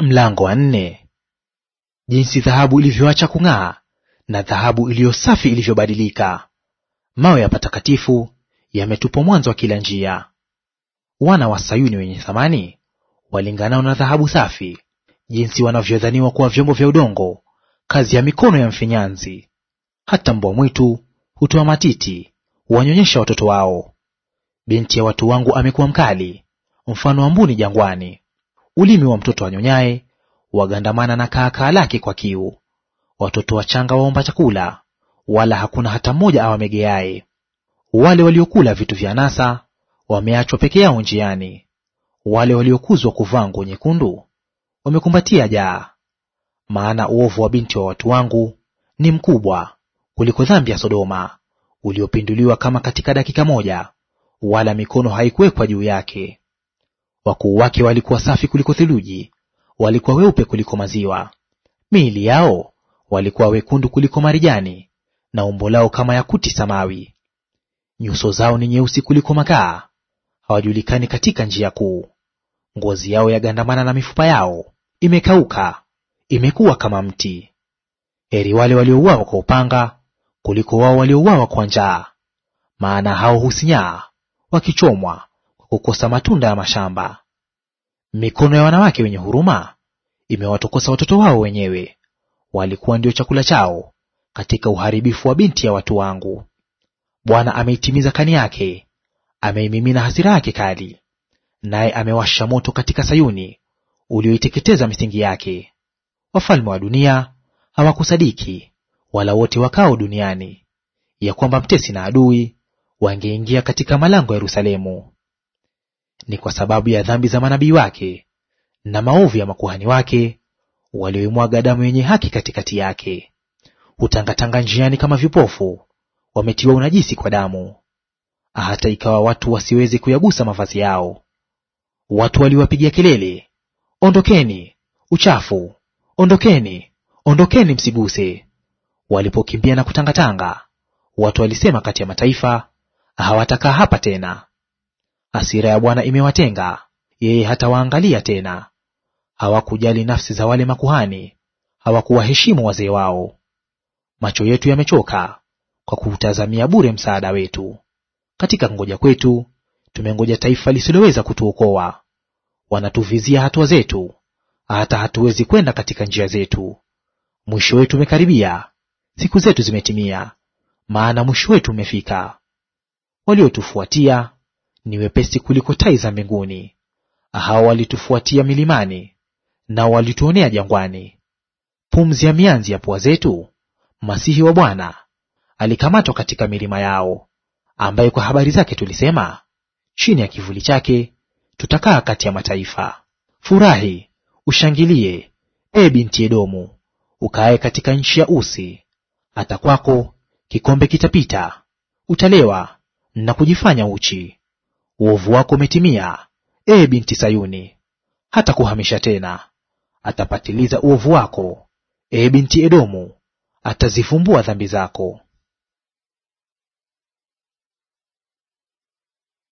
Mlango wa nne. Jinsi dhahabu ilivyoacha kung'aa na dhahabu iliyo safi ilivyobadilika! Mawe ya patakatifu yametupwa mwanzo wa kila njia. Wana wa Sayuni wenye thamani walinganao na dhahabu safi, jinsi wanavyodhaniwa kuwa vyombo vya udongo, kazi ya mikono ya mfinyanzi! Hata mbwa mwitu hutoa matiti, huwanyonyesha watoto wao. Binti ya watu wangu amekuwa mkali, mfano wa mbuni jangwani. Ulimi wa mtoto anyonyaye wagandamana na kaakaa lake kwa kiu. Watoto wachanga waomba chakula, wala hakuna hata mmoja awamegeaye. Wale waliokula vitu vya nasa wameachwa peke yao njiani. Wale waliokuzwa kuvaa nguo nyekundu wamekumbatia jaa. Maana uovu wa binti wa watu wangu ni mkubwa kuliko dhambi ya Sodoma, uliopinduliwa kama katika dakika moja, wala mikono haikuwekwa juu yake. Wakuu wake walikuwa safi kuliko theluji, walikuwa weupe kuliko maziwa. Miili yao walikuwa wekundu kuliko marijani, na umbo lao kama yakuti samawi. Nyuso zao ni nyeusi kuliko makaa, hawajulikani katika njia kuu. Ngozi yao yagandamana na mifupa yao, imekauka, imekuwa kama mti. Heri wale waliouawa kwa upanga kuliko wao waliouawa kwa njaa, maana hao husinyaa wakichomwa hukosa matunda ya mashamba. Mikono ya wanawake wenye huruma imewatokosa watoto wao wenyewe, walikuwa ndio chakula chao katika uharibifu wa binti ya watu wangu. Bwana ameitimiza kani yake, ameimimina hasira yake kali, naye amewasha moto katika Sayuni ulioiteketeza misingi yake. Wafalme wa dunia hawakusadiki, wala wote wakao duniani, ya kwamba mtesi na adui wangeingia katika malango ya Yerusalemu ni kwa sababu ya dhambi za manabii wake na maovu ya makuhani wake walioimwaga damu yenye haki katikati yake. Hutangatanga njiani kama vipofu, wametiwa unajisi kwa damu, hata ikawa watu wasiweze kuyagusa mavazi yao. Watu waliwapigia kelele, ondokeni uchafu, ondokeni, ondokeni, msiguse. Walipokimbia na kutangatanga, watu walisema kati ya mataifa, hawatakaa hapa tena. Hasira ya Bwana imewatenga, yeye hatawaangalia tena. Hawakujali nafsi za wale makuhani, hawakuwaheshimu wazee wao. Macho yetu yamechoka kwa kuutazamia bure msaada wetu. Katika ngoja kwetu tumengoja taifa lisiloweza kutuokoa. Wanatuvizia hatua zetu, hata hatuwezi kwenda katika njia zetu. Mwisho wetu umekaribia, siku zetu zimetimia, maana mwisho wetu umefika. Waliotufuatia ni wepesi kuliko tai za mbinguni. Hao walitufuatia milimani, nao walituonea jangwani. Pumzi ya mianzi ya pua zetu, masihi wa Bwana alikamatwa katika milima yao, ambaye kwa habari zake tulisema, chini ya kivuli chake tutakaa kati ya mataifa. Furahi ushangilie, e binti Edomu, ukae katika nchi ya Usi. Hata kwako kikombe kitapita, utalewa na kujifanya uchi. Uovu wako umetimia, e binti Sayuni, hata kuhamisha tena. Atapatiliza uovu wako, e binti Edomu, atazifumbua dhambi zako.